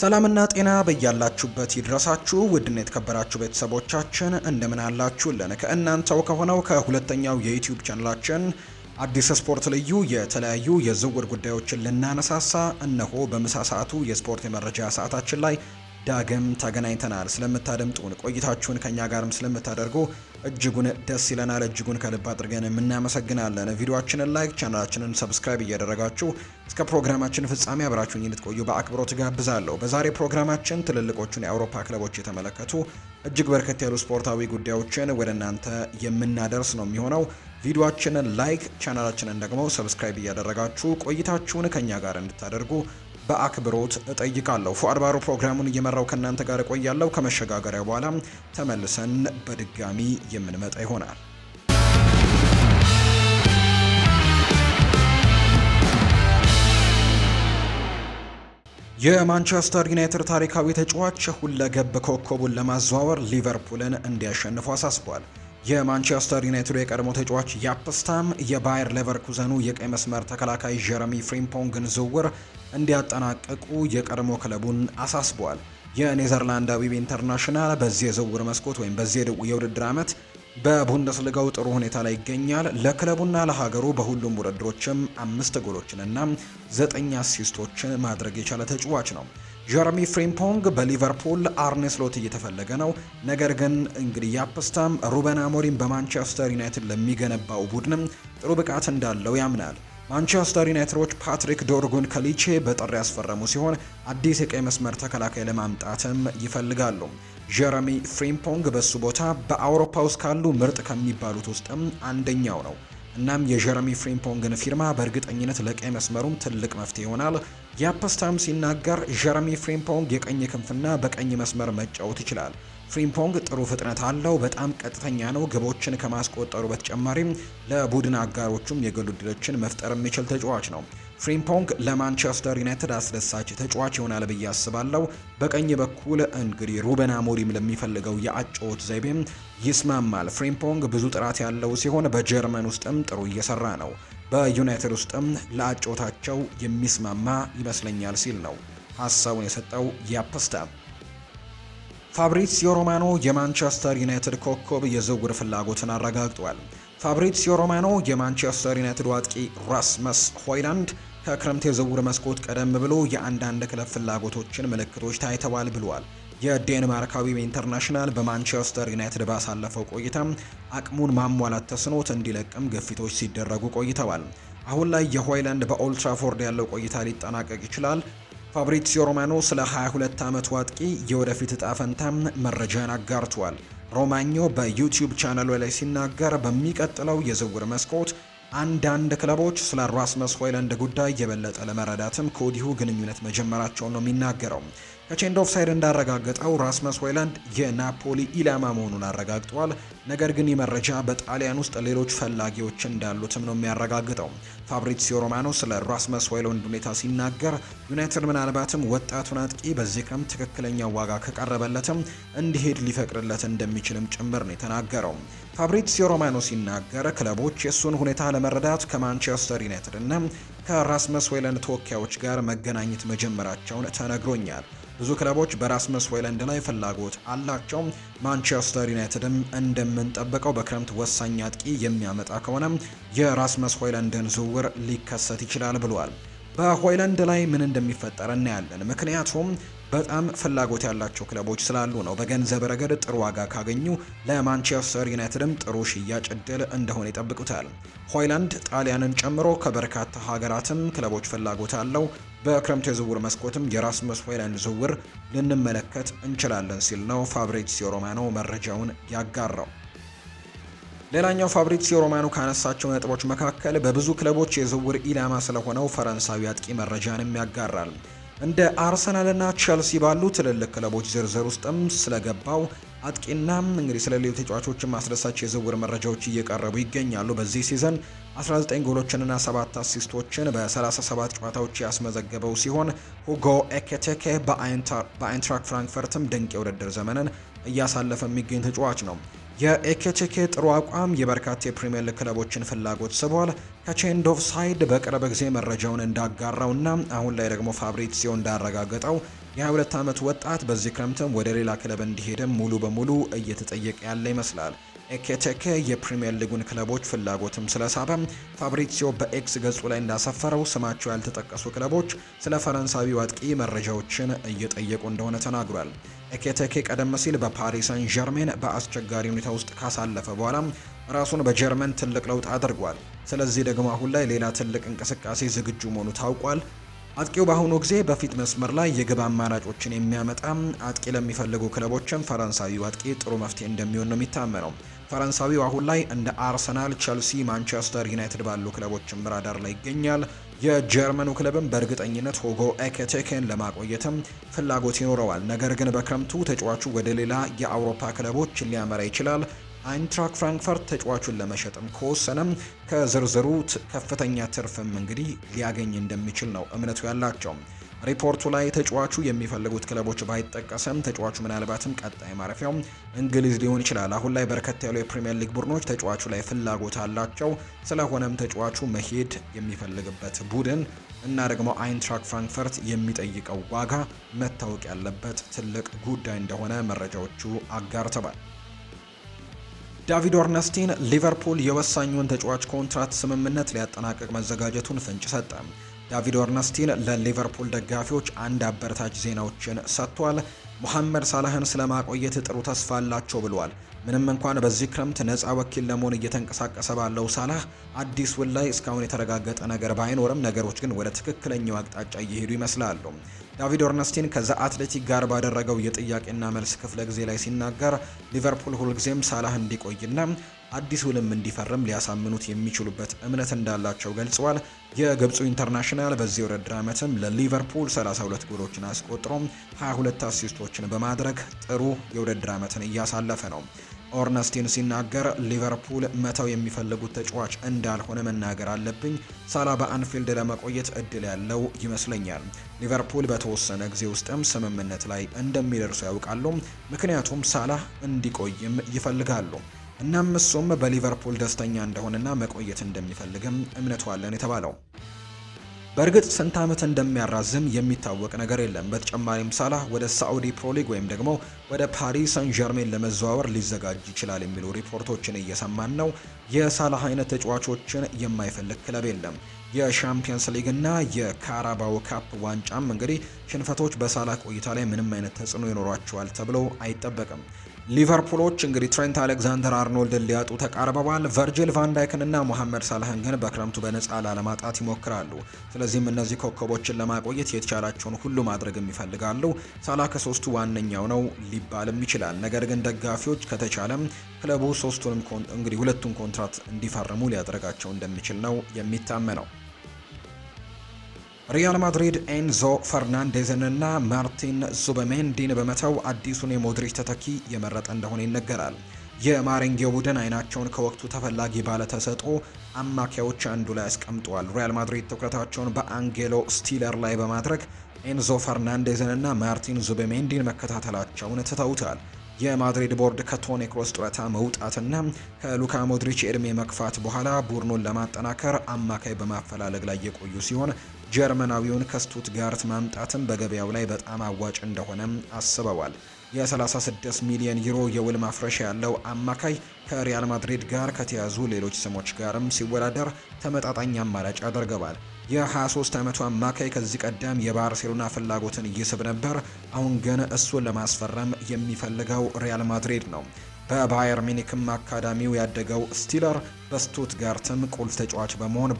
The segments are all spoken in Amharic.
ሰላምና ጤና በያላችሁበት ይድረሳችሁ። ውድን የተከበራችሁ ቤተሰቦቻችን እንደምን አላችሁልን? ከእናንተው ከሆነው ከሁለተኛው የዩትዩብ ቻነላችን አዲስ ስፖርት ልዩ የተለያዩ የዝውውር ጉዳዮችን ልናነሳሳ እነሆ በምሳ ሰዓቱ የስፖርት የመረጃ ሰዓታችን ላይ ዳግም ተገናኝተናል። ስለምታደምጡን ቆይታችሁን ከእኛ ጋርም ስለምታደርጉ እጅጉን ደስ ይለናል። እጅጉን ከልብ አድርገን የምናመሰግናለን። ቪዲዮችንን ላይክ፣ ቻናላችንን ሰብስክራይብ እያደረጋችሁ እስከ ፕሮግራማችን ፍጻሜ አብራችሁኝ እንድትቆዩ በአክብሮት ጋብዛለሁ። በዛሬ ፕሮግራማችን ትልልቆቹን የአውሮፓ ክለቦች የተመለከቱ እጅግ በርከት ያሉ ስፖርታዊ ጉዳዮችን ወደ እናንተ የምናደርስ ነው የሚሆነው። ቪዲዮችንን ላይክ፣ ቻናላችንን ደግሞ ሰብስክራይብ እያደረጋችሁ ቆይታችሁን ከእኛ ጋር እንድታደርጉ በአክብሮት እጠይቃለሁ። ፉአድ ባሮ ፕሮግራሙን እየመራው ከእናንተ ጋር እቆያለሁ። ከመሸጋገሪያ በኋላ ተመልሰን በድጋሚ የምንመጣ ይሆናል። የማንቸስተር ዩናይትድ ታሪካዊ ተጫዋች ሁለገብ ኮከቡን ለማዘዋወር ሊቨርፑልን እንዲያሸንፉ አሳስቧል። የማንቸስተር ዩናይትዱ የቀድሞ ተጫዋች ያፕስታም የባየር ሌቨርኩዘኑ የቀይ መስመር ተከላካይ ጀረሚ ፍሪምፖንግን ዝውውር እንዲያጠናቅቁ የቀድሞ ክለቡን አሳስቧል። የኔዘርላንዳዊው ኢንተርናሽናል በዚህ የዝውውር መስኮት ወይም በዚህ የውድድር ዓመት በቡንደስሊጋው ጥሩ ሁኔታ ላይ ይገኛል። ለክለቡና ለሀገሩ በሁሉም ውድድሮችም አምስት ጎሎችንና ዘጠኝ አሲስቶችን ማድረግ የቻለ ተጫዋች ነው። ጀረሚ ፍሪምፖንግ በሊቨርፑል አርኔስሎት እየተፈለገ ነው። ነገር ግን እንግዲህ ያፕስታም ሩበን አሞሪን በማንቸስተር ዩናይትድ ለሚገነባው ቡድንም ጥሩ ብቃት እንዳለው ያምናል። ማንቸስተር ዩናይትዶች ፓትሪክ ዶርጉን ከሊቼ በጥር ያስፈረሙ ሲሆን አዲስ የቀይ መስመር ተከላካይ ለማምጣትም ይፈልጋሉ። ጀረሚ ፍሪምፖንግ በሱ ቦታ በአውሮፓ ውስጥ ካሉ ምርጥ ከሚባሉት ውስጥም አንደኛው ነው። እናም የጀረሚ ፍሪምፖንግን ፊርማ በእርግጠኝነት ለቀይ መስመሩም ትልቅ መፍትሄ ይሆናል። ያፐስታም ሲናገር ጀረሚ ፍሪምፖንግ የቀኝ ክንፍና በቀኝ መስመር መጫወት ይችላል ፍሪምፖንግ ጥሩ ፍጥነት አለው፣ በጣም ቀጥተኛ ነው። ግቦችን ከማስቆጠሩ በተጨማሪም ለቡድን አጋሮቹም የግል ዕድሎችን መፍጠር የሚችል ተጫዋች ነው። ፍሪምፖንግ ለማንቸስተር ዩናይትድ አስደሳች ተጫዋች ይሆናል ብዬ አስባለሁ። በቀኝ በኩል እንግዲህ ሩበን አሞሪም ለሚፈልገው የአጨዋወት ዘይቤም ይስማማል። ፍሪምፖንግ ብዙ ጥራት ያለው ሲሆን በጀርመን ውስጥም ጥሩ እየሰራ ነው። በዩናይትድ ውስጥም ለአጨዋወታቸው የሚስማማ ይመስለኛል ሲል ነው ሀሳቡን የሰጠው ያፕስታ። ፋብሪሲዮ ሮማኖ የማንቸስተር ዩናይትድ ኮከብ የዝውውር ፍላጎትን አረጋግጧል። ፋብሪሲዮ ሮማኖ የማንቸስተር ዩናይትድ አጥቂ ራስመስ ሆይላንድ ከክረምት የዝውውር መስኮት ቀደም ብሎ የአንዳንድ ክለብ ፍላጎቶችን ምልክቶች ታይተዋል ብሏል። የዴንማርካዊው ኢንተርናሽናል በማንቸስተር ዩናይትድ ባሳለፈው ቆይታ አቅሙን ማሟላት ተስኖት እንዲለቅም ግፊቶች ሲደረጉ ቆይተዋል። አሁን ላይ የሆይላንድ በኦልትራፎርድ ያለው ቆይታ ሊጠናቀቅ ይችላል። ፋብሪዚዮ ሮማኖ ስለ 22 ዓመቱ አጥቂ የወደፊት እጣ ፈንታም መረጃን አጋርቷል። ሮማኞ በዩቲዩብ ቻናሉ ላይ ሲናገር በሚቀጥለው የዝውውር መስኮት አንዳንድ ክለቦች ስለ ራስመስ ሆይለንድ ጉዳይ የበለጠ ለመረዳትም ከወዲሁ ግንኙነት መጀመራቸውን ነው የሚናገረው። ከቼንድ ኦፍ ሳይድ እንዳረጋገጠው ራስመስ ሆይላንድ የናፖሊ ኢላማ መሆኑን አረጋግጧል። ነገር ግን ይህ መረጃ በጣሊያን ውስጥ ሌሎች ፈላጊዎች እንዳሉትም ነው የሚያረጋግጠው። ፋብሪዚዮ ሮማኖ ስለ ራስመስ ሆይሉንድ ሁኔታ ሲናገር ዩናይትድ ምናልባትም ወጣቱን አጥቂ በዚህ ክረምት ትክክለኛ ዋጋ ከቀረበለትም እንዲሄድ ሊፈቅድለት እንደሚችልም ጭምር ነው የተናገረው። ፋብሪዚዮ ሮማኖ ሲናገር ክለቦች የእሱን ሁኔታ ለመረዳት ከማንቸስተር ዩናይትድ እና ከራስመስ ሆይለንድ ተወካዮች ጋር መገናኘት መጀመራቸውን ተነግሮኛል። ብዙ ክለቦች በራስመስ ሆይለንድ ላይ ፍላጎት አላቸው። ማንቸስተር ዩናይትድም እንደምንጠብቀው በክረምት ወሳኝ አጥቂ የሚያመጣ ከሆነ የራስመስ ሆይለንድን ዝውውር ሊከሰት ይችላል ብሏል። በሆይለንድ ላይ ምን እንደሚፈጠር እናያለን። ምክንያቱም በጣም ፍላጎት ያላቸው ክለቦች ስላሉ ነው። በገንዘብ ረገድ ጥሩ ዋጋ ካገኙ ለማንቸስተር ዩናይትድም ጥሩ ሽያጭ እድል እንደሆነ ይጠብቁታል። ሆይላንድ ጣሊያንን ጨምሮ ከበርካታ ሀገራትም ክለቦች ፍላጎት አለው። በክረምቱ የዝውውር መስኮትም የራስመስ ሆይላንድ ዝውውር ልንመለከት እንችላለን ሲል ነው ፋብሪዚዮ ሮማኖ መረጃውን ያጋራው። ሌላኛው ፋብሪዚዮ ሮማኖ ካነሳቸው ነጥቦች መካከል በብዙ ክለቦች የዝውውር ኢላማ ስለሆነው ፈረንሳዊ አጥቂ መረጃንም ያጋራል። እንደ አርሰናልና ቸልሲ ባሉ ትልልቅ ክለቦች ዝርዝር ውስጥም ስለገባው አጥቂና እንግዲህ ስለሌሎች ተጫዋቾችም አስደሳች የዝውውር መረጃዎች እየቀረቡ ይገኛሉ። በዚህ ሲዘን 19 ጎሎችንና 7 አሲስቶችን በ37 ጨዋታዎች ያስመዘገበው ሲሆን ሁጎ ኤኬቴኬ በአይንትራክ ፍራንክፈርትም ድንቅ የውድድር ዘመንን እያሳለፈ የሚገኝ ተጫዋች ነው። የኤኬቼኬ ጥሩ አቋም የበርካታ የፕሪምየር ሊግ ክለቦችን ፍላጎት ስቧል። ከቼንዶቭ ሳይድ በቅርብ ጊዜ መረጃውን እንዳጋራውና አሁን ላይ ደግሞ ፋብሪዚዮ እንዳረጋገጠው የ22 ዓመቱ ወጣት በዚህ ክረምትም ወደ ሌላ ክለብ እንዲሄድም ሙሉ በሙሉ እየተጠየቀ ያለ ይመስላል። ኤኬቴኬ የፕሪምየር ሊጉን ክለቦች ፍላጎትም ስለሳበ ፋብሪሲዮ በኤክስ ገጹ ላይ እንዳሰፈረው ስማቸው ያልተጠቀሱ ክለቦች ስለ ፈረንሳዊ አጥቂ መረጃዎችን እየጠየቁ እንደሆነ ተናግሯል። ኤኬቴኬ ቀደም ሲል በፓሪስ ጀርሜን በአስቸጋሪ ሁኔታ ውስጥ ካሳለፈ በኋላ ራሱን በጀርመን ትልቅ ለውጥ አድርጓል። ስለዚህ ደግሞ አሁን ላይ ሌላ ትልቅ እንቅስቃሴ ዝግጁ መሆኑ ታውቋል። አጥቂው በአሁኑ ጊዜ በፊት መስመር ላይ የግብ አማራጮችን የሚያመጣ አጥቂ ለሚፈልጉ ክለቦችም ፈረንሳዊው አጥቂ ጥሩ መፍትሄ እንደሚሆን ነው የሚታመነው። ፈረንሳዊው አሁን ላይ እንደ አርሰናል፣ ቸልሲ፣ ማንቸስተር ዩናይትድ ባሉ ክለቦችም ራዳር ላይ ይገኛል። የጀርመኑ ክለብም በእርግጠኝነት ሆጎ ኤኬቴኬን ለማቆየትም ፍላጎት ይኖረዋል። ነገር ግን በክረምቱ ተጫዋቹ ወደ ሌላ የአውሮፓ ክለቦች ሊያመራ ይችላል። አይንትራክ ፍራንክፈርት ተጫዋቹን ለመሸጥም ከወሰነም ከዝርዝሩ ከፍተኛ ትርፍም እንግዲህ ሊያገኝ እንደሚችል ነው እምነቱ ያላቸው። ሪፖርቱ ላይ ተጫዋቹ የሚፈልጉት ክለቦች ባይጠቀሰም ተጫዋቹ ምናልባትም ቀጣይ ማረፊያው እንግሊዝ ሊሆን ይችላል። አሁን ላይ በርከት ያሉ የፕሪምየር ሊግ ቡድኖች ተጫዋቹ ላይ ፍላጎት አላቸው። ስለሆነም ተጫዋቹ መሄድ የሚፈልግበት ቡድን እና ደግሞ አይንትራክ ፍራንክፈርት የሚጠይቀው ዋጋ መታወቅ ያለበት ትልቅ ጉዳይ እንደሆነ መረጃዎቹ አጋርተዋል። ዳቪድ ኦርነስቲን ሊቨርፑል የወሳኙን ተጫዋች ኮንትራት ስምምነት ሊያጠናቀቅ መዘጋጀቱን ፍንጭ ሰጠ። ዳቪድ ኦርነስቲን ለሊቨርፑል ደጋፊዎች አንድ አበረታች ዜናዎችን ሰጥቷል። ሙሐመድ ሳላህን ስለማቆየት ጥሩ ተስፋ አላቸው ብሏል። ምንም እንኳን በዚህ ክረምት ነፃ ወኪል ለመሆን እየተንቀሳቀሰ ባለው ሳላህ አዲስ ውል ላይ እስካሁን የተረጋገጠ ነገር ባይኖርም ነገሮች ግን ወደ ትክክለኛው አቅጣጫ እየሄዱ ይመስላሉ። ዳቪድ ኦርነስቲን ከዛ አትሌቲክ ጋር ባደረገው የጥያቄና መልስ ክፍለ ጊዜ ላይ ሲናገር ሊቨርፑል ሁልጊዜም ሳላህ እንዲቆይና አዲስ ውልም እንዲፈርም ሊያሳምኑት የሚችሉበት እምነት እንዳላቸው ገልጸዋል። የግብፁ ኢንተርናሽናል በዚህ ውድድር ዓመትም ለሊቨርፑል 32 ጎሎችን አስቆጥሮ 22 አሲስቶችን በማድረግ ጥሩ የውድድር ዓመትን እያሳለፈ ነው። ኦርነስቲን ሲናገር ሊቨርፑል መተው የሚፈልጉት ተጫዋች እንዳልሆነ መናገር አለብኝ። ሳላ በአንፊልድ ለመቆየት እድል ያለው ይመስለኛል። ሊቨርፑል በተወሰነ ጊዜ ውስጥም ስምምነት ላይ እንደሚደርሱ ያውቃሉ፣ ምክንያቱም ሳላ እንዲቆይም ይፈልጋሉ። እናም እሱም በሊቨርፑል ደስተኛ እንደሆነና መቆየት እንደሚፈልግም እምነቱ አለን የተባለው በእርግጥ ስንት ዓመት እንደሚያራዝም የሚታወቅ ነገር የለም። በተጨማሪም ሳላህ ወደ ሳዑዲ ፕሮሊግ ወይም ደግሞ ወደ ፓሪስ ሰን ዠርሜን ለመዘዋወር ሊዘጋጅ ይችላል የሚሉ ሪፖርቶችን እየሰማን ነው። የሳላህ አይነት ተጫዋቾችን የማይፈልግ ክለብ የለም። የሻምፒየንስ ሊግና የካራባው ካፕ ዋንጫም እንግዲህ ሽንፈቶች በሳላ ቆይታ ላይ ምንም አይነት ተጽዕኖ ይኖሯቸዋል ተብሎ አይጠበቅም። ሊቨርፑሎች እንግዲህ ትሬንት አሌክዛንደር አርኖልድን ሊያጡ ተቃርበዋል። ቨርጅል ቫንዳይክን እና ሞሐመድ ሳላህን ግን በክረምቱ በነፃ ላለማጣት ይሞክራሉ። ስለዚህም እነዚህ ኮከቦችን ለማቆየት የተቻላቸውን ሁሉ ማድረግም ይፈልጋሉ። ሳላ ከሶስቱ ዋነኛው ነው ሊባልም ይችላል። ነገር ግን ደጋፊዎች ከተቻለም ክለቡ ሶስቱንም እንግዲህ ሁለቱን ኮንትራት እንዲፈርሙ ሊያደርጋቸው እንደሚችል ነው የሚታመነው። ሪያል ማድሪድ ኤንዞ ፈርናንዴዝንና ማርቲን ዙበሜንዲን በመተው አዲሱን የሞድሪች ተተኪ የመረጠ እንደሆነ ይነገራል። የማሬንጌው ቡድን አይናቸውን ከወቅቱ ተፈላጊ ባለተሰጥኦ አማካዮች አንዱ ላይ አስቀምጠዋል። ሪያል ማድሪድ ትኩረታቸውን በአንጌሎ ስቲለር ላይ በማድረግ ኤንዞ ፈርናንዴዝንና ማርቲን ዙቤሜንዲን መከታተላቸውን ትተውታል። የማድሪድ ቦርድ ከቶኒ ክሮስ ጡረታ መውጣትና ከሉካ ሞድሪች የዕድሜ መግፋት በኋላ ቡድኑን ለማጠናከር አማካይ በማፈላለግ ላይ የቆዩ ሲሆን ጀርመናዊውን ከስቱትጋርት ማምጣትም በገበያው ላይ በጣም አዋጭ እንደሆነም አስበዋል። የ36 ሚሊዮን ዩሮ የውል ማፍረሻ ያለው አማካይ ከሪያል ማድሪድ ጋር ከተያዙ ሌሎች ስሞች ጋርም ሲወዳደር ተመጣጣኝ አማራጭ ያደርገዋል። የ23 ዓመቱ አማካይ ከዚህ ቀደም የባርሴሎና ፍላጎትን ይስብ ነበር። አሁን ግን እሱን ለማስፈረም የሚፈልገው ሪያል ማድሪድ ነው። በባየር ሚኒክም አካዳሚው ያደገው ስቲለር በስቱትጋርትም ቁልፍ ተጫዋች በመሆን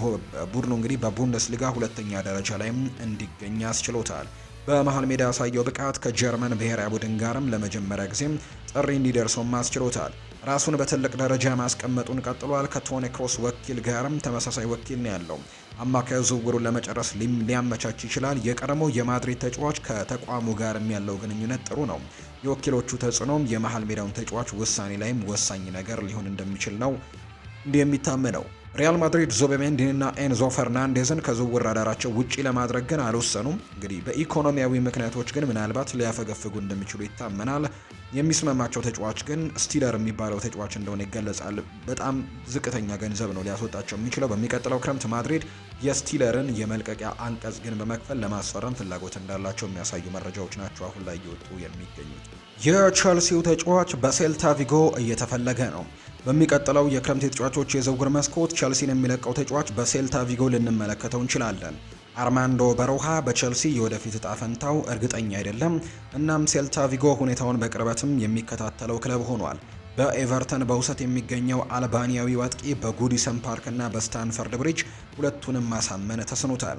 ቡድኑ እንግዲህ በቡንደስሊጋ ሁለተኛ ደረጃ ላይም እንዲገኝ አስችሎታል። በመሀል ሜዳ ያሳየው ብቃት ከጀርመን ብሔራዊ ቡድን ጋርም ለመጀመሪያ ጊዜም ጥሪ እንዲደርሰውም አስችሎታል። ራሱን በትልቅ ደረጃ ማስቀመጡን ቀጥሏል። ከቶኒ ክሮስ ወኪል ጋርም ተመሳሳይ ወኪል ነው ያለው። አማካዩ ዝውውሩን ለመጨረስ ሊያመቻች ይችላል። የቀድሞ የማድሪድ ተጫዋች ከተቋሙ ጋርም ያለው ግንኙነት ጥሩ ነው። የወኪሎቹ ተጽዕኖም የመሀል ሜዳውን ተጫዋች ውሳኔ ላይም ወሳኝ ነገር ሊሆን እንደሚችል ነው እንዲህ የሚታመነው። ሪያል ማድሪድ ዙቤሜንዲንና ኤንዞ ፈርናንዴዝን ከዝውውር አዳራቸው ውጪ ለማድረግ ግን አልወሰኑም። እንግዲህ በኢኮኖሚያዊ ምክንያቶች ግን ምናልባት ሊያፈገፍጉ እንደሚችሉ ይታመናል። የሚስማማቸው ተጫዋች ግን ስቲለር የሚባለው ተጫዋች እንደሆነ ይገለጻል። በጣም ዝቅተኛ ገንዘብ ነው ሊያስወጣቸው የሚችለው። በሚቀጥለው ክረምት ማድሪድ የስቲለርን የመልቀቂያ አንቀጽ ግን በመክፈል ለማስፈረም ፍላጎት እንዳላቸው የሚያሳዩ መረጃዎች ናቸው አሁን ላይ እየወጡ የሚገኙት። የቸልሲው ተጫዋች በሴልታ ቪጎ እየተፈለገ ነው። በሚቀጥለው የክረምት የተጫዋቾች የዝውውር መስኮት ቸልሲን የሚለቀው ተጫዋች በሴልታ ቪጎ ልንመለከተው እንችላለን። አርማንዶ በሮሃ በቸልሲ የወደፊት እጣ ፈንታው እርግጠኛ አይደለም። እናም ሴልታ ቪጎ ሁኔታውን በቅርበትም የሚከታተለው ክለብ ሆኗል። በኤቨርተን በውሰት የሚገኘው አልባኒያዊ አጥቂ በጉዲሰን ፓርክና በስታንፈርድ ብሪጅ ሁለቱንም ማሳመን ተስኖታል።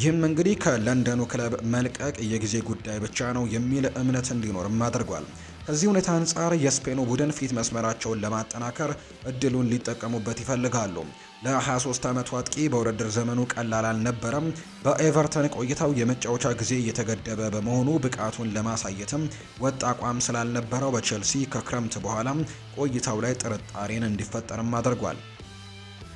ይህም እንግዲህ ከለንደኑ ክለብ መልቀቅ የጊዜ ጉዳይ ብቻ ነው የሚል እምነት እንዲኖርም አድርጓል። ከዚህ ሁኔታ አንጻር የስፔኑ ቡድን ፊት መስመራቸውን ለማጠናከር እድሉን ሊጠቀሙበት ይፈልጋሉ። ለ23 ዓመቱ አጥቂ በውድድር ዘመኑ ቀላል አልነበረም። በኤቨርተን ቆይታው የመጫወቻ ጊዜ እየተገደበ በመሆኑ ብቃቱን ለማሳየትም ወጥ አቋም ስላልነበረው በቼልሲ ከክረምት በኋላ ቆይታው ላይ ጥርጣሬን እንዲፈጠርም አድርጓል።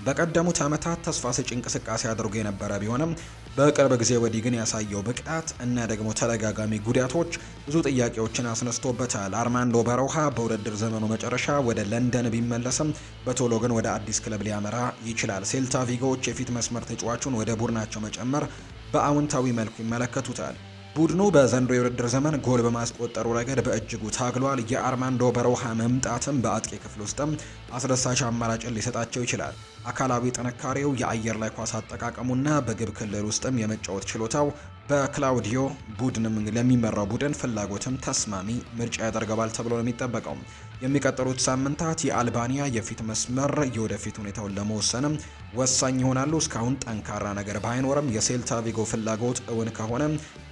በቀደሙት ዓመታት ተስፋ ሰጪ እንቅስቃሴ አድርጎ የነበረ ቢሆንም በቅርብ ጊዜ ወዲህ ግን ያሳየው ብቃት እና ደግሞ ተደጋጋሚ ጉዳቶች ብዙ ጥያቄዎችን አስነስቶበታል። አርማንዶ በረውሃ በውድድር ዘመኑ መጨረሻ ወደ ለንደን ቢመለስም በቶሎ ግን ወደ አዲስ ክለብ ሊያመራ ይችላል። ሴልታ ቪጎዎች የፊት መስመር ተጫዋቹን ወደ ቡድናቸው መጨመር በአዎንታዊ መልኩ ይመለከቱታል። ቡድኑ በዘንድሮ የውድድር ዘመን ጎል በማስቆጠሩ ረገድ በእጅጉ ታግሏል። የአርማንዶ በረውሃ መምጣትም በአጥቂ ክፍል ውስጥም አስደሳች አማራጭን ሊሰጣቸው ይችላል። አካላዊ ጥንካሬው፣ የአየር ላይ ኳስ አጠቃቀሙና በግብ ክልል ውስጥም የመጫወት ችሎታው በክላውዲዮ ቡድንም ለሚመራው ቡድን ፍላጎትም ተስማሚ ምርጫ ያደርገባል ተብሎ ነው የሚጠበቀው። የሚቀጥሉት ሳምንታት የአልባኒያ የፊት መስመር የወደፊት ሁኔታውን ለመወሰንም ወሳኝ ይሆናሉ። እስካሁን ጠንካራ ነገር ባይኖርም የሴልታ ቪጎ ፍላጎት እውን ከሆነ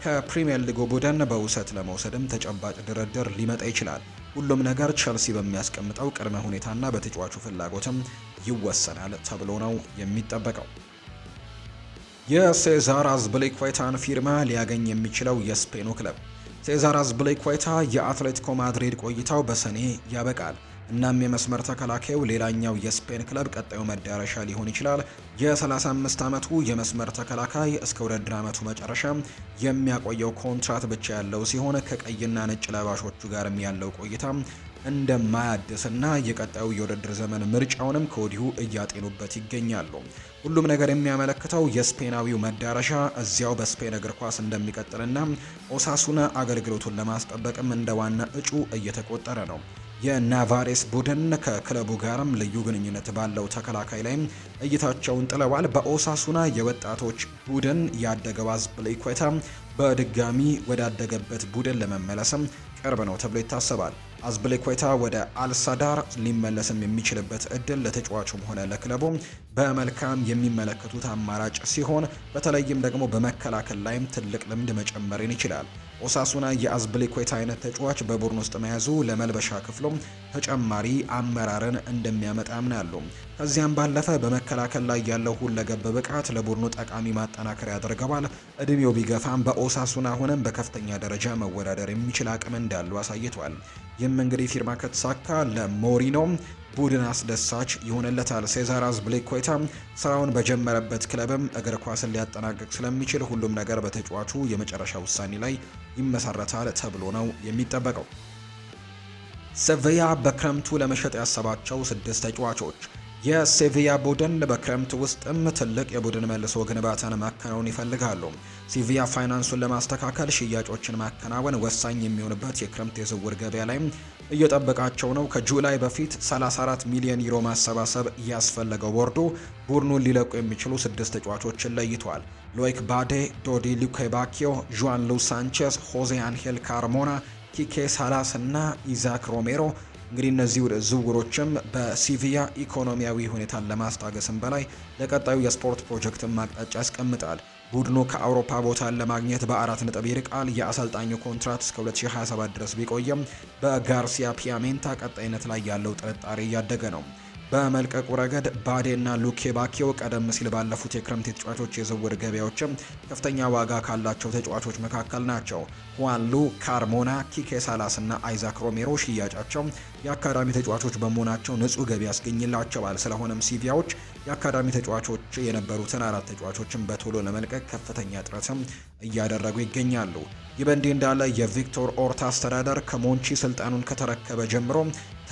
ከፕሪምየር ሊጉ ቡድን በውሰት ለመውሰድም ተጨባጭ ድርድር ሊመጣ ይችላል። ሁሉም ነገር ቸልሲ በሚያስቀምጠው ቅድመ ሁኔታና በተጫዋቹ ፍላጎትም ይወሰናል ተብሎ ነው የሚጠበቀው። የሴዛር አዝpilicuetaን ፊርማ ሊያገኝ የሚችለው የስፔኑ ክለብ ሴዛር አዝpilicueta የአትሌቲኮ ማድሪድ ቆይታው በሰኔ ያበቃል። እናም የመስመር ተከላካዩ ሌላኛው የስፔን ክለብ ቀጣዩ መዳረሻ ሊሆን ይችላል። የ35 ዓመቱ የመስመር ተከላካይ እስከ ውድድር ዓመቱ መጨረሻ የሚያቆየው ኮንትራት ብቻ ያለው ሲሆን ከቀይና ነጭ ለባሾቹ ጋርም ያለው ቆይታ እንደማያድስና የቀጣዩ የውድድር ዘመን ምርጫውንም ከወዲሁ እያጤኑበት ይገኛሉ። ሁሉም ነገር የሚያመለክተው የስፔናዊው መዳረሻ እዚያው በስፔን እግር ኳስ እንደሚቀጥልና ኦሳሱና አገልግሎቱን ለማስጠበቅም እንደ ዋና እጩ እየተቆጠረ ነው። የናቫሬስ ቡድን ከክለቡ ጋርም ልዩ ግንኙነት ባለው ተከላካይ ላይ እይታቸውን ጥለዋል። በኦሳሱና የወጣቶች ቡድን ያደገው አዝpilicueta በድጋሚ ወዳደገበት ቡድን ለመመለስም ቅርብ ነው ተብሎ ይታሰባል። አዝብሌኮይታ ወደ አልሳዳር ሊመለስም የሚችልበት እድል ለተጫዋቹም ሆነ ለክለቡም በመልካም የሚመለከቱት አማራጭ ሲሆን በተለይም ደግሞ በመከላከል ላይም ትልቅ ልምድ መጨመርን ይችላል። ኦሳሱና የአዝብሊኩዌት አይነት ተጫዋች በቡድን ውስጥ መያዙ ለመልበሻ ክፍሉም ተጨማሪ አመራርን እንደሚያመጣ ያምናሉ። ከዚያም ባለፈ በመከላከል ላይ ያለው ሁለገብ ብቃት ለቡድኑ ጠቃሚ ማጠናከሪያ ያደርገዋል። እድሜው ቢገፋም በኦሳሱና አሁንም በከፍተኛ ደረጃ መወዳደር የሚችል አቅም እንዳለው አሳይቷል። ይህም እንግዲህ ፊርማ ከተሳካ ለሞሪኖ ቡድን አስደሳች ይሆንለታል። ሴዛር ኮይታ ስራውን በጀመረበት ክለብም እግር ኳስን ሊያጠናቅቅ ስለሚችል ሁሉም ነገር በተጫዋቹ የመጨረሻ ውሳኔ ላይ ይመሰረታል ተብሎ ነው የሚጠበቀው። ሰቬያ በክረምቱ ለመሸጥ ያሰባቸው ስድስት ተጫዋቾች የሴቪያ ቡድን በክረምት ውስጥም ትልቅ የቡድን መልሶ ግንባታን ማከናወን ይፈልጋሉ። ሲቪያ ፋይናንሱን ለማስተካከል ሽያጮችን ማከናወን ወሳኝ የሚሆንበት የክረምት የዝውውር ገበያ ላይ እየጠበቃቸው ነው። ከጁላይ በፊት 34 ሚሊዮን ዩሮ ማሰባሰብ ያስፈለገው ቦርዱ ቡድኑን ሊለቁ የሚችሉ ስድስት ተጫዋቾችን ለይቷል። ሎይክ ባዴ፣ ዶዲ ሉኬባኪዮ፣ ዣን ሉ ሳንቼስ፣ ሆዜ አንሄል ካርሞና፣ ኪኬ ሳላስ እና ኢዛክ ሮሜሮ እንግዲህ እነዚህ ዝውውሮችም በሲቪያ ኢኮኖሚያዊ ሁኔታን ለማስታገስም በላይ ለቀጣዩ የስፖርት ፕሮጀክትን ማቅጣጫ ያስቀምጣል። ቡድኑ ከአውሮፓ ቦታን ለማግኘት በአራት ነጥብ ይርቃል። የአሰልጣኙ ኮንትራት እስከ 2027 ድረስ ቢቆየም በጋርሲያ ፒያሜንታ ቀጣይነት ላይ ያለው ጥርጣሬ እያደገ ነው። በመልቀቁ ረገድ ባዴና ሉኬ ባኪዮ ቀደም ሲል ባለፉት የክረምት የተጫዋቾች የዝውውር ገበያዎችም ከፍተኛ ዋጋ ካላቸው ተጫዋቾች መካከል ናቸው። ዋንሉ ካርሞና፣ ኪኬ ሳላስ እና አይዛክ ሮሜሮ ሽያጫቸው የአካዳሚ ተጫዋቾች በመሆናቸው ንጹህ ገቢ ያስገኝላቸዋል። ስለሆነም ሲቪያዎች የአካዳሚ ተጫዋቾች የነበሩትን አራት ተጫዋቾችን በቶሎ ለመልቀቅ ከፍተኛ ጥረትም እያደረጉ ይገኛሉ። ይህ በእንዲህ እንዳለ የቪክቶር ኦርታ አስተዳደር ከሞንቺ ስልጣኑን ከተረከበ ጀምሮ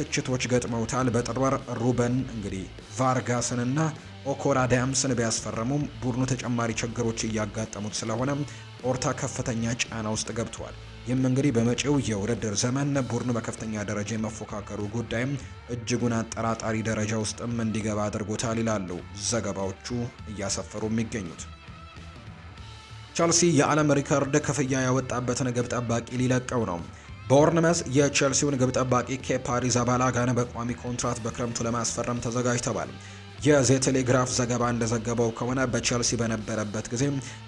ትችቶች ገጥመውታል። በጥር ወር ሩበን እንግዲህ ቫርጋስንና ኦኮራ ዳያምስን ቢያስፈረሙም ቡድኑ ተጨማሪ ችግሮች እያጋጠሙት ስለሆነ ኦርታ ከፍተኛ ጫና ውስጥ ገብቷል። ይህም እንግዲህ በመጪው የውድድር ዘመን ቡድኑ በከፍተኛ ደረጃ የመፎካከሩ ጉዳይም እጅጉን አጠራጣሪ ደረጃ ውስጥም እንዲገባ አድርጎታል ይላሉ ዘገባዎቹ እያሰፈሩ የሚገኙት። ቸልሲ የዓለም ሪከርድ ክፍያ ያወጣበትን ግብ ጠባቂ ሊለቀው ነው። ቦርንመስ የቼልሲውን ግብ ጠባቂ ኬፓ አሪዛባላጋን በቋሚ ኮንትራት በክረምቱ ለማስፈረም ተዘጋጅተዋል። የዘቴሌግራፍ ዘገባ እንደዘገበው ከሆነ በቼልሲ በነበረበት ጊዜ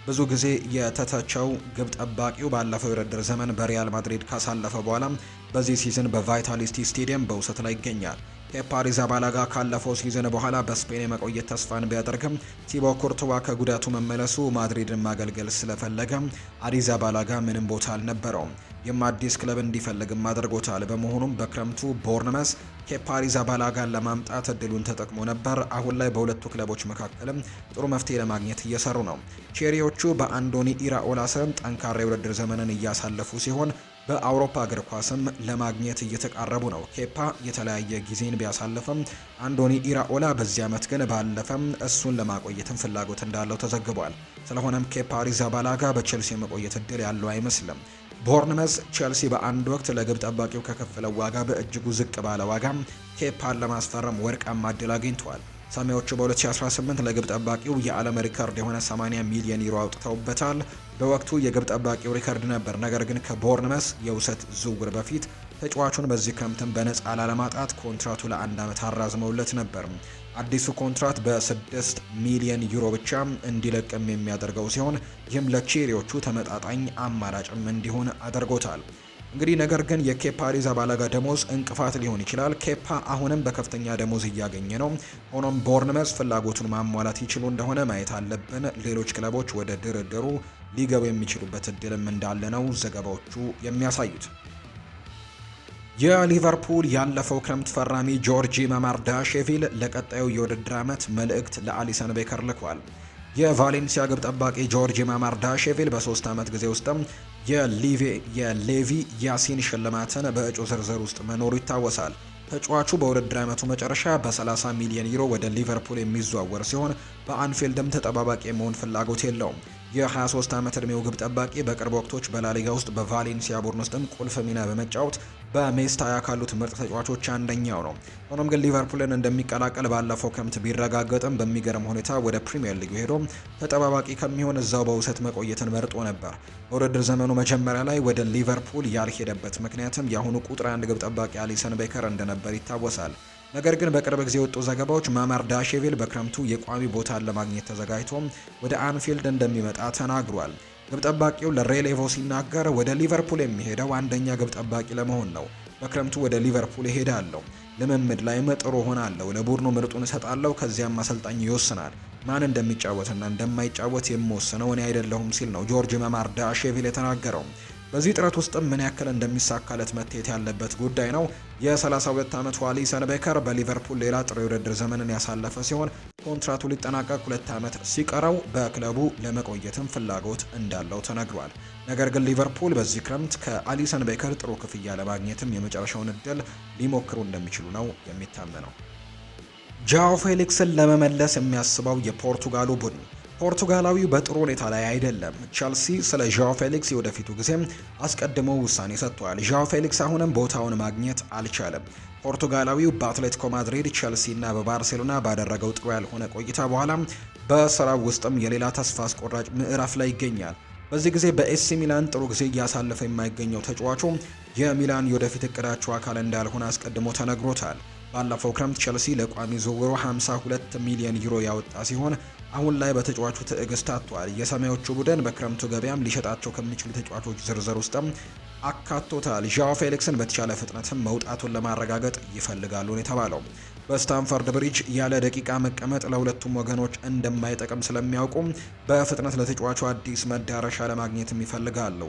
ብዙ ጊዜ የተተቸው ግብ ጠባቂው ባለፈው የውድድር ዘመን በሪያል ማድሪድ ካሳለፈ በኋላ በዚህ ሲዝን በቫይታሊስቲ ስቴዲየም በውሰት ላይ ይገኛል። ኬፓ አሪዛባላጋ ካለፈው ሲዝን በኋላ በስፔን የመቆየት ተስፋን ቢያደርግም ቲቦ ኩርቱዋ ከጉዳቱ መመለሱ ማድሪድን ማገልገል ስለፈለገ አሪዛባላጋ ምንም ቦታ አልነበረውም። አዲስ ክለብ እንዲፈልግም አድርጎታል። በመሆኑም በክረምቱ ቦርንመስ ከፓሪዝ አባላ ጋር ለማምጣት እድሉን ተጠቅሞ ነበር። አሁን ላይ በሁለቱ ክለቦች መካከልም ጥሩ መፍትሄ ለማግኘት እየሰሩ ነው። ቼሪዎቹ በአንዶኒ ኢራኦላ ስም ጠንካራ የውድድር ዘመንን እያሳለፉ ሲሆን በአውሮፓ እግር ኳስም ለማግኘት እየተቃረቡ ነው። ኬፓ የተለያየ ጊዜን ቢያሳልፍም አንዶኒ ኢራኦላ በዚህ ዓመት ግን ባለፈም እሱን ለማቆየትም ፍላጎት እንዳለው ተዘግቧል። ስለሆነም ኬፓ አሪዛባላጋ በቼልሲ መቆየት እድል ያለው አይመስልም። ቦርንመስ ቼልሲ በአንድ ወቅት ለግብ ጠባቂው ከከፈለው ዋጋ በእጅጉ ዝቅ ባለ ዋጋ ኬፓን ለማስፈረም ወርቃማ እድል አግኝተዋል። ሰሜዎቹ በ2018 ለግብ ጠባቂው የዓለም ሪከርድ የሆነ 80 ሚሊዮን ዩሮ አውጥተውበታል። በወቅቱ የግብ ጠባቂው ሪከርድ ነበር። ነገር ግን ከቦርንመስ የውሰት ዝውውር በፊት ተጫዋቹን በዚህ ክረምትን በነፃ ላለማጣት ኮንትራቱ ለአንድ ዓመት አራዝመውለት ነበር። አዲሱ ኮንትራት በስድስት ሚሊዮን ዩሮ ብቻ እንዲለቅም የሚያደርገው ሲሆን ይህም ለቼሪዎቹ ተመጣጣኝ አማራጭም እንዲሆን አድርጎታል። እንግዲህ ነገር ግን የኬፓ አሪዛባላጋ ደሞዝ እንቅፋት ሊሆን ይችላል። ኬፓ አሁንም በከፍተኛ ደሞዝ እያገኘ ነው። ሆኖም ቦርንመስ ፍላጎቱን ማሟላት ይችሉ እንደሆነ ማየት አለብን። ሌሎች ክለቦች ወደ ድርድሩ ሊገቡ የሚችሉበት እድልም እንዳለ ነው ዘገባዎቹ የሚያሳዩት። የሊቨርፑል ያለፈው ክረምት ፈራሚ ጆርጂ መማርዳ ሼቪል ለቀጣዩ የውድድር ዓመት መልእክት ለአሊሰን ቤከር ልኳል። የቫሌንሲያ ግብ ጠባቂ ጆርጂ መማርዳ ሼቪል በሶስት ዓመት ጊዜ ውስጥም የሌቪ ያሲን ሽልማትን በእጩ ዝርዝር ውስጥ መኖሩ ይታወሳል። ተጫዋቹ በውድድር ዓመቱ መጨረሻ በ30 ሚሊዮን ዩሮ ወደ ሊቨርፑል የሚዘዋወር ሲሆን በአንፊልድም ተጠባባቂ የመሆን ፍላጎት የለውም። የ23 ዓመት ዕድሜው ግብ ጠባቂ በቅርብ ወቅቶች በላሊጋ ውስጥ በቫሌንሲያ ቡድን ውስጥም ቁልፍ ሚና በመጫወት በሜስታያ ካሉት ምርጥ ተጫዋቾች አንደኛው ነው። ሆኖም ግን ሊቨርፑልን እንደሚቀላቀል ባለፈው ክረምት ቢረጋገጥም በሚገርም ሁኔታ ወደ ፕሪምየር ሊግ ሄዶ ተጠባባቂ ከሚሆን እዛው በውሰት መቆየትን መርጦ ነበር። በውድድር ዘመኑ መጀመሪያ ላይ ወደ ሊቨርፑል ያልሄደበት ምክንያትም የአሁኑ ቁጥር አንድ ግብ ጠባቂ አሊሰን ቤከር እንደነበር ይታወሳል። ነገር ግን በቅርብ ጊዜ የወጡ ዘገባዎች ማማር ዳሼቪል በክረምቱ የቋሚ ቦታን ለማግኘት ተዘጋጅቶ ወደ አንፊልድ እንደሚመጣ ተናግሯል። ግብ ጠባቂው ለሬሌቮ ሲናገር ወደ ሊቨርፑል የሚሄደው አንደኛ ግብ ጠባቂ ለመሆን ነው። በክረምቱ ወደ ሊቨርፑል እሄዳለሁ። ልምምድ ላይም ጥሩ ሆናለሁ። ለቡድኑ ምርጡን እሰጣለሁ። ከዚያም አሰልጣኝ ይወስናል ማን እንደሚጫወትና እንደማይጫወት የምወስነው እኔ አይደለሁም ሲል ነው ጆርጅ ዳሼቪል የተናገረው። በዚህ ጥረት ውስጥም ምን ያክል እንደሚሳካለት መታየት ያለበት ጉዳይ ነው። የ32 ዓመቱ አሊሰን ቤከር በሊቨርፑል ሌላ ጥሩ የውድድር ዘመንን ያሳለፈ ሲሆን ኮንትራቱ ሊጠናቀቅ ሁለት ዓመት ሲቀረው በክለቡ ለመቆየትም ፍላጎት እንዳለው ተነግሯል። ነገር ግን ሊቨርፑል በዚህ ክረምት ከአሊሰን ቤከር ጥሩ ክፍያ ለማግኘትም የመጨረሻውን እድል ሊሞክሩ እንደሚችሉ ነው የሚታመነው። ጃኦ ፌሊክስን ለመመለስ የሚያስበው የፖርቱጋሉ ቡድን ፖርቱጋላዊው በጥሩ ሁኔታ ላይ አይደለም። ቸልሲ ስለ ዣው ፌሊክስ የወደፊቱ ጊዜ አስቀድሞ ውሳኔ ሰጥቷል። ዣው ፌሊክስ አሁንም ቦታውን ማግኘት አልቻለም። ፖርቱጋላዊው በአትሌቲኮ ማድሪድ፣ እና በባርሴሎና ባደረገው ጥሩ ያልሆነ ቆይታ በኋላ በስራው ውስጥም የሌላ ተስፋ አስቆራጭ ምዕራፍ ላይ ይገኛል። በዚህ ጊዜ በኤሲ ሚላን ጥሩ ጊዜ እያሳለፈ የማይገኘው ተጫዋቹ የሚላን የወደፊት እቅዳቸው አካል እንዳልሆነ አስቀድሞ ተነግሮታል። ባለፈው ክረምት ቸልሲ ለቋሚ ዝውውሩ 52 ሚሊዮን ዩሮ ያወጣ ሲሆን አሁን ላይ በተጫዋቹ ትዕግስት አጥቷል። የሰማዮቹ ቡድን በክረምቱ ገበያም ሊሸጣቸው ከሚችሉ ተጫዋቾች ዝርዝር ውስጥም አካቶታል። ዣዋ ፌሊክስን በተቻለ ፍጥነትም መውጣቱን ለማረጋገጥ ይፈልጋሉ ነው የተባለው። በስታንፈርድ ብሪጅ ያለ ደቂቃ መቀመጥ ለሁለቱም ወገኖች እንደማይጠቅም ስለሚያውቁም በፍጥነት ለተጫዋቹ አዲስ መዳረሻ ለማግኘትም ይፈልጋሉ።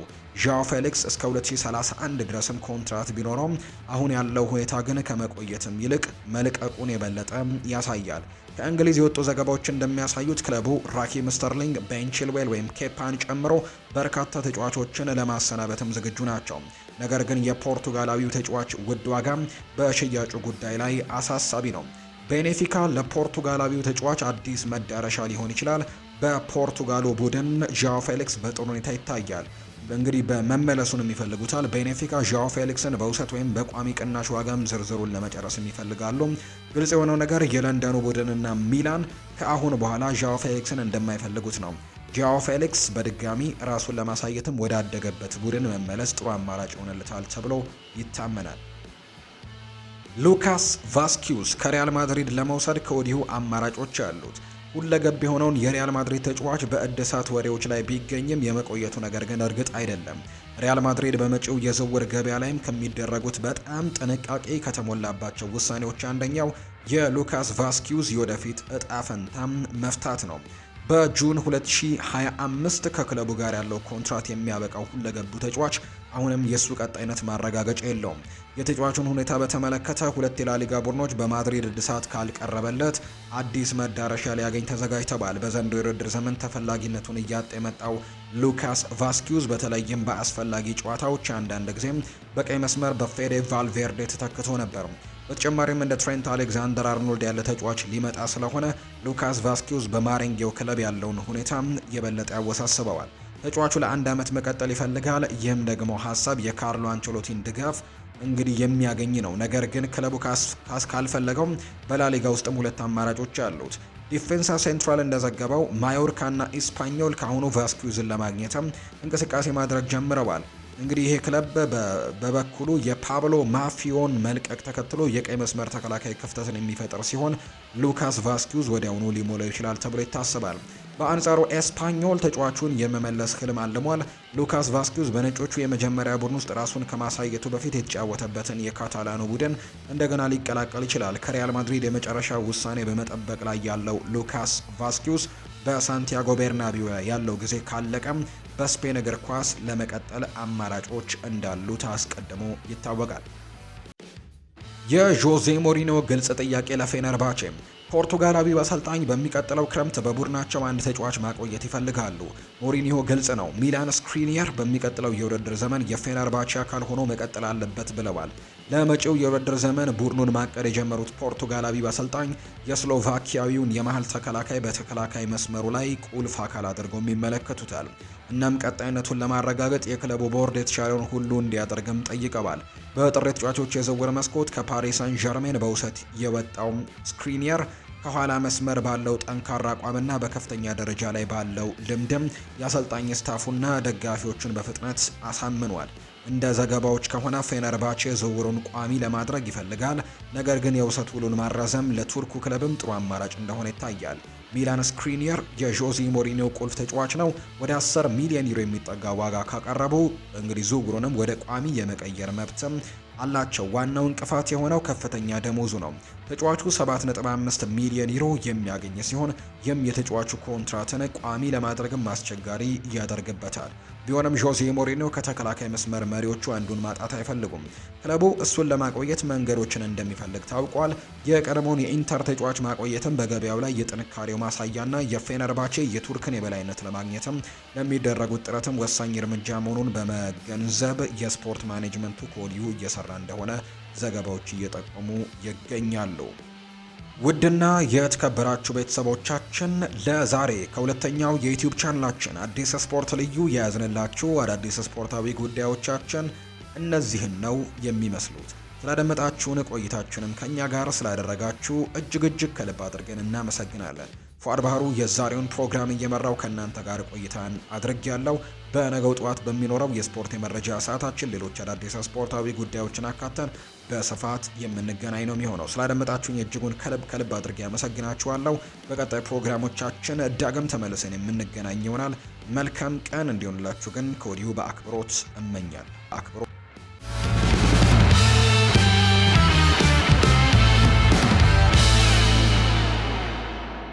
ዣው ፌሊክስ እስከ 2031 ድረስም ኮንትራት ቢኖረውም አሁን ያለው ሁኔታ ግን ከመቆየትም ይልቅ መልቀቁን የበለጠ ያሳያል። ከእንግሊዝ የወጡ ዘገባዎች እንደሚያሳዩት ክለቡ ራኪም ስተርሊንግ፣ ቤን ቺልዌል ወይም ኬፓን ጨምሮ በርካታ ተጫዋቾችን ለማሰናበትም ዝግጁ ናቸው። ነገር ግን የፖርቱጋላዊው ተጫዋች ውድ ዋጋ በሽያጩ ጉዳይ ላይ አሳሳቢ ነው። ቤኔፊካ ለፖርቱጋላዊው ተጫዋች አዲስ መዳረሻ ሊሆን ይችላል። በፖርቱጋሉ ቡድን ዣኦ ፌሊክስ በጥሩ ሁኔታ ይታያል። እንግዲህ በመመለሱንም ይፈልጉታል። ቤኔፊካ ዣኦ ፌሊክስን በውሰት ወይም በቋሚ ቅናሽ ዋጋም ዝርዝሩን ለመጨረስ ይፈልጋሉ። ግልጽ የሆነው ነገር የለንደኑ ቡድንና ሚላን ከአሁን በኋላ ዣኦ ፌሊክስን እንደማይፈልጉት ነው። ጃዋ ፌሊክስ በድጋሚ ራሱን ለማሳየትም ወዳደገበት ቡድን መመለስ ጥሩ አማራጭ ይሆንለታል ተብሎ ይታመናል። ሉካስ ቫስኪዩስ ከሪያል ማድሪድ ለመውሰድ ከወዲሁ አማራጮች አሉት። ሁለገብ የሆነውን የሪያል ማድሪድ ተጫዋች በእድሳት ወሬዎች ላይ ቢገኝም የመቆየቱ ነገር ግን እርግጥ አይደለም። ሪያል ማድሪድ በመጪው የዝውውር ገበያ ላይም ከሚደረጉት በጣም ጥንቃቄ ከተሞላባቸው ውሳኔዎች አንደኛው የሉካስ ቫስኪዩስ የወደፊት እጣ ፈንታም መፍታት ነው። በጁን 2025 ከክለቡ ጋር ያለው ኮንትራት የሚያበቃው ሁለገቡ ተጫዋች አሁንም የእሱ ቀጣይነት ማረጋገጫ የለውም። የተጫዋቹን ሁኔታ በተመለከተ ሁለት የላሊጋ ቡድኖች በማድሪድ እድሳት ካልቀረበለት አዲስ መዳረሻ ሊያገኝ ተዘጋጅተዋል። በዘንድሮው የውድድር ዘመን ተፈላጊነቱን እያጣ የመጣው ሉካስ ቫስኪዩዝ በተለይም በአስፈላጊ ጨዋታዎች አንዳንድ ጊዜም በቀይ መስመር በፌዴ ቫልቬርዴ ተተክቶ ነበር። በተጨማሪም እንደ ትሬንት አሌክዛንደር አርኖልድ ያለ ተጫዋች ሊመጣ ስለሆነ ሉካስ ቫስኪውዝ በማሬንጌው ክለብ ያለውን ሁኔታ የበለጠ ያወሳስበዋል። ተጫዋቹ ለአንድ ዓመት መቀጠል ይፈልጋል። ይህም ደግሞ ሀሳብ የካርሎ አንቸሎቲን ድጋፍ እንግዲህ የሚያገኝ ነው። ነገር ግን ክለቡ ካስ ካልፈለገው በላሊጋ ውስጥም ሁለት አማራጮች አሉት። ዲፌንሳ ሴንትራል እንደዘገበው ማዮርካና ኢስፓኞል ከአሁኑ ቫስኪዩዝን ለማግኘትም እንቅስቃሴ ማድረግ ጀምረዋል። እንግዲህ ይሄ ክለብ በበኩሉ የፓብሎ ማፊዮን መልቀቅ ተከትሎ የቀይ መስመር ተከላካይ ክፍተትን የሚፈጥር ሲሆን ሉካስ ቫስኪዩዝ ወዲያውኑ ሊሞላው ይችላል ተብሎ ይታሰባል። በአንጻሩ ኤስፓኞል ተጫዋቹን የመመለስ ህልም አልሟል። ሉካስ ቫስኪዩዝ በነጮቹ የመጀመሪያ ቡድን ውስጥ ራሱን ከማሳየቱ በፊት የተጫወተበትን የካታላኑ ቡድን እንደገና ሊቀላቀል ይችላል። ከሪያል ማድሪድ የመጨረሻ ውሳኔ በመጠበቅ ላይ ያለው ሉካስ ቫስኪዩዝ በሳንቲያጎ ቤርናቢዮ ያለው ጊዜ ካለቀም በስፔን እግር ኳስ ለመቀጠል አማራጮች እንዳሉት አስቀድሞ ይታወቃል። የዦዜ ሞሪኖ ግልጽ ጥያቄ ለፌነርባቼም ፖርቱጋላዊ አሰልጣኝ በሚቀጥለው ክረምት በቡድናቸው አንድ ተጫዋች ማቆየት ይፈልጋሉ። ሞሪኒሆ ግልጽ ነው፣ ሚላን ስክሪኒየር በሚቀጥለው የውድድር ዘመን የፌነርባቼ አካል ሆኖ መቀጠል አለበት ብለዋል። ለመጪው የውድድር ዘመን ቡድኑን ማቀድ የጀመሩት ፖርቱጋላዊ አሰልጣኝ የስሎቫኪያዊውን የመሀል ተከላካይ በተከላካይ መስመሩ ላይ ቁልፍ አካል አድርገው ይመለከቱታል። እናም ቀጣይነቱን ለማረጋገጥ የክለቡ ቦርድ የተሻለውን ሁሉ እንዲያደርግም ጠይቀዋል። በጥር ተጫዋቾች የዝውውር መስኮት ከፓሪስ ሳን ዠርሜን በውሰት የወጣው ስክሪኒየር ከኋላ መስመር ባለው ጠንካራ አቋምና በከፍተኛ ደረጃ ላይ ባለው ልምድም የአሰልጣኝ ስታፉና ደጋፊዎቹን በፍጥነት አሳምኗል። እንደ ዘገባዎች ከሆነ ፌነርባቼ ዝውውሩን ቋሚ ለማድረግ ይፈልጋል። ነገር ግን የውሰት ውሉን ማራዘም ለቱርኩ ክለብም ጥሩ አማራጭ እንደሆነ ይታያል። ሚላን ስክሪኒየር የዦዚ ሞሪኒዮ ቁልፍ ተጫዋች ነው። ወደ 10 ሚሊዮን ዩሮ የሚጠጋ ዋጋ ካቀረቡ እንግዲህ ዝውውሩንም ወደ ቋሚ የመቀየር መብትም አላቸው። ዋናው እንቅፋት የሆነው ከፍተኛ ደሞዙ ነው። ተጫዋቹ 7.5 ሚሊዮን ዩሮ የሚያገኝ ሲሆን ይህም የተጫዋቹ ኮንትራትን ቋሚ ለማድረግም አስቸጋሪ ያደርግበታል። ቢሆንም ዦሴ ሞሪኒዮ ከተከላካይ መስመር መሪዎቹ አንዱን ማጣት አይፈልጉም። ክለቡ እሱን ለማቆየት መንገዶችን እንደሚፈልግ ታውቋል። የቀድሞውን የኢንተር ተጫዋች ማቆየትም በገበያው ላይ የጥንካሬው ማሳያና የፌነርባቼ የቱርክን የበላይነት ለማግኘትም ለሚደረጉት ጥረትም ወሳኝ እርምጃ መሆኑን በመገንዘብ የስፖርት ማኔጅመንቱ ከወዲሁ እየሰራ እንደሆነ ዘገባዎች እየጠቆሙ ይገኛሉ። ውድና የተከበራችሁ ቤተሰቦቻችን ለዛሬ ከሁለተኛው የዩቲዩብ ቻናላችን አዲስ ስፖርት ልዩ የያዝንላችሁ አዳዲስ ስፖርታዊ ጉዳዮቻችን እነዚህን ነው የሚመስሉት። ስላደመጣችሁን ቆይታችንን ከእኛ ጋር ስላደረጋችሁ እጅግ እጅግ ከልብ አድርገን እናመሰግናለን። ፏድ ባህሩ የዛሬውን ፕሮግራም እየመራው ከእናንተ ጋር ቆይታን አድርግ ያለው። በነገው ጠዋት በሚኖረው የስፖርት የመረጃ ሰዓታችን ሌሎች አዳዲስ ስፖርታዊ ጉዳዮችን አካተን በስፋት የምንገናኝ ነው የሚሆነው። ስላደመጣችሁኝ እጅጉን ከልብ ከልብ አድርጌ ያመሰግናችኋለሁ። በቀጣይ ፕሮግራሞቻችን ዳግም ተመልሰን የምንገናኝ ይሆናል። መልካም ቀን እንዲሆንላችሁ ግን ከወዲሁ በአክብሮት እመኛል አክብሮት